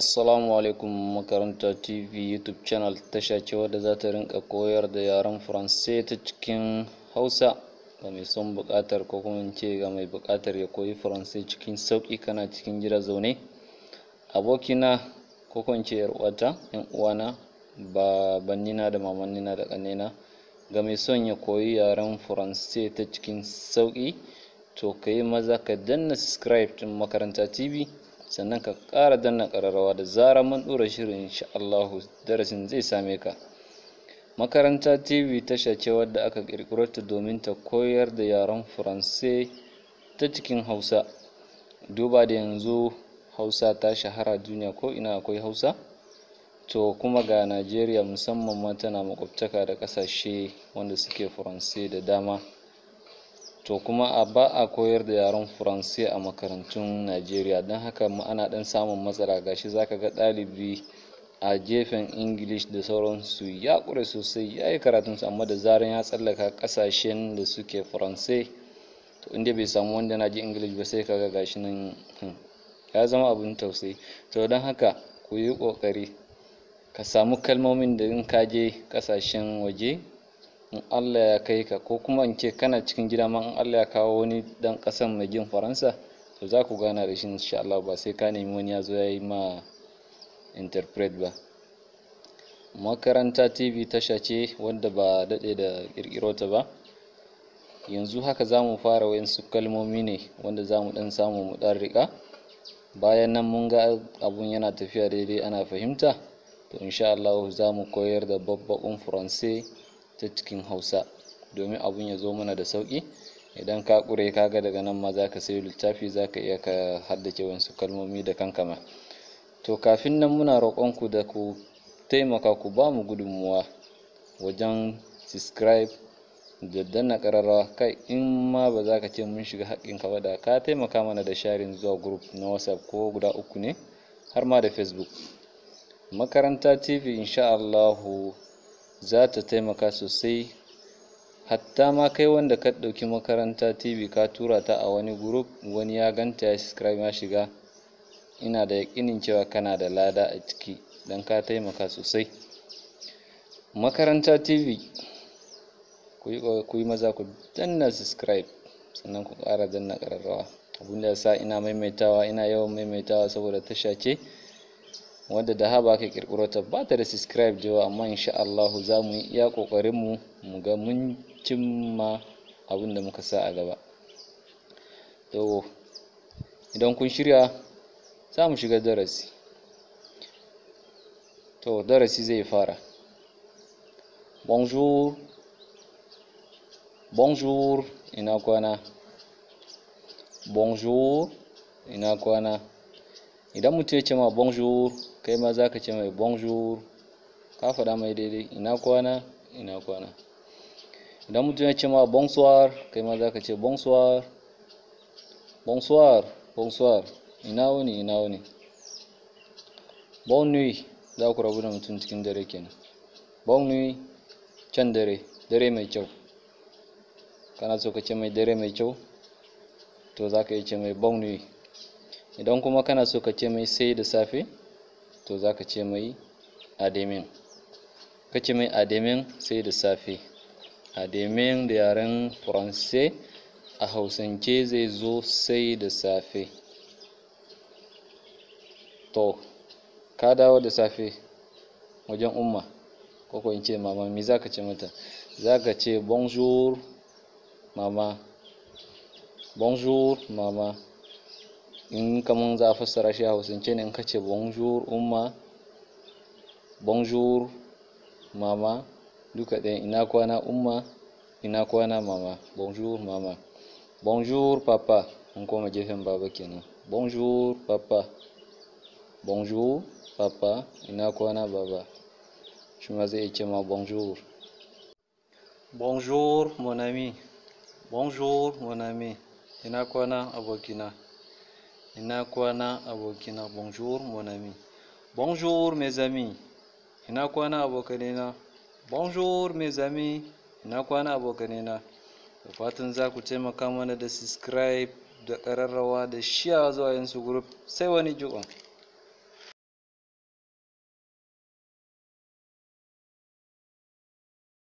assalamu alaikum makaranta tv youtube channel tasha ce da za ta rinka koyar da yaren faransai ta cikin hausa ga mai son bukatar ko kuma ce ga mai bukatar ya koyi faransai cikin sauki kana cikin gida zaune abokina ko kuma in ce yar uwata yan uwana bannina da mamannina da kanina ga mai son ya koyi yaren faransai ta cikin sauki to kai maza ka danna subscribe din makaranta tv sannan ka ƙara danna ƙararrawa da zarar man ɗora shirin insha Allah darasin zai same ka makaranta tv tasha ce wadda aka ƙirƙiro ta domin ta koyar da yaren faransai ta cikin hausa duba da yanzu hausa ta shahara duniya ko ina akwai hausa to kuma ga najeriya musamman ma tana makwabtaka da ƙasashe wanda suke faransai da dama to kuma a ba a koyar da yaren faranse a makarantun najeriya don haka ma'ana ana dan samun matsala gashi zaka ga ɗalibi a gefen english da sauransu ya ƙure sosai ya yi karatunsu amma da zaran ya tsallaka ƙasashen da suke faranse to inda bai samu wanda na ji english ba sai kaga gashi nan hmm, ya zama abin tausayi to don haka ku yi ƙoƙari ka samu kalmomin da in ka je ƙasashen waje in Allah ya kai ka ko kuma in ce kana cikin gida ma in Allah ya kawo wani dan kasan mai jin faransa to za ku gana da shi insha Allah ba sai ka nemi wani ya zo ya yi ma interpret ba makaranta tv tasha ce wadda ba daɗe da ƙirƙiro ta ba yanzu haka za mu fara wayansu kalmomi ne wanda za mu ɗan samu mu ɗan riƙa bayan nan mun ga abun yana tafiya daidai ana fahimta to insha Allah za mu koyar da babbaƙun faransai ta cikin hausa domin abun ya zo mana da sauki idan ka ƙure kaga daga nan ma za ka sayi littafi za ka iya ka haddace wasu kalmomi da kanka ma to kafin nan muna roƙonku da ku taimaka ku ba mu gudunmuwa wajen subscribe da danna ƙararrawa kai in ma ba za ka ce mun shiga haƙƙin ka da ka taimaka mana da sharin zuwa group na whatsapp ko guda uku ne har ma da facebook makaranta tv insha za ta taimaka sosai hatta ma kai wanda ka ɗauki makaranta tv ka tura ta a wani group wani ya ganta ya subscribe ya shiga ina da yaƙinin cewa kana da lada a ciki don ka taimaka sosai makaranta tv ku yi maza ku danna subscribe sannan ku ƙara danna ƙararrawa abinda ya sa ina maimaitawa ina yawan maimaitawa saboda tasha ce wadda da haba ka kirkiro ta ba ta da subscribe da amma insha Allah za mu iya kokarin mu mu ga mun cimma abin da muka sa a gaba to idan kun shirya za mu shiga darasi to darasi zai fara bonjour bonjour ina kwana bonjour ina kwana idan mutum ya ce ma bonjour kai ma za ka ce mai bonjour ka faɗa mai daidai ina kwana ina kwana idan mutum ya ce ma bonsoir kai ma za ka ce bonsoir bonsoir bonsoir ina wuni ina wuni bon nuit za ku rabu da mutum cikin dare kenan bon nuit can dare dare mai kyau kana so ka ce mai dare mai kyau to za ka yi ce mai bon nuit idan kuma kana so ka ce mai sai da safe to za ka ce mai ademin ka ce mai ademin sai da safe ademin da yaren france a hausance zai zo sai da safe to ka dawo da safe wajen umma ko in ce mama me za ka ce mata za ka ce bonjour mama bonjour mama in kamar za a fassara shi a hausance ne in ka ce bonjour umma bonjour mama duka ɗaya ina kwana umma ina kwana mama bonjour mama bonjour papa in koma gefen baba kenan bonjour papa bonjour papa ina kwana baba shi ma zai ce ma bonjour bonjour mon ami bonjour mon ami ina kwana abokina Ina kwana abokina. Bonjour mon ami. Bonjour mes amis. Ina kwana abokanina. Bonjour mes amis. Ina kwana abokanina. Da fatan za ku taimaka mana da subscribe da ƙararrawa da share zuwa yansu group sai wani jigon.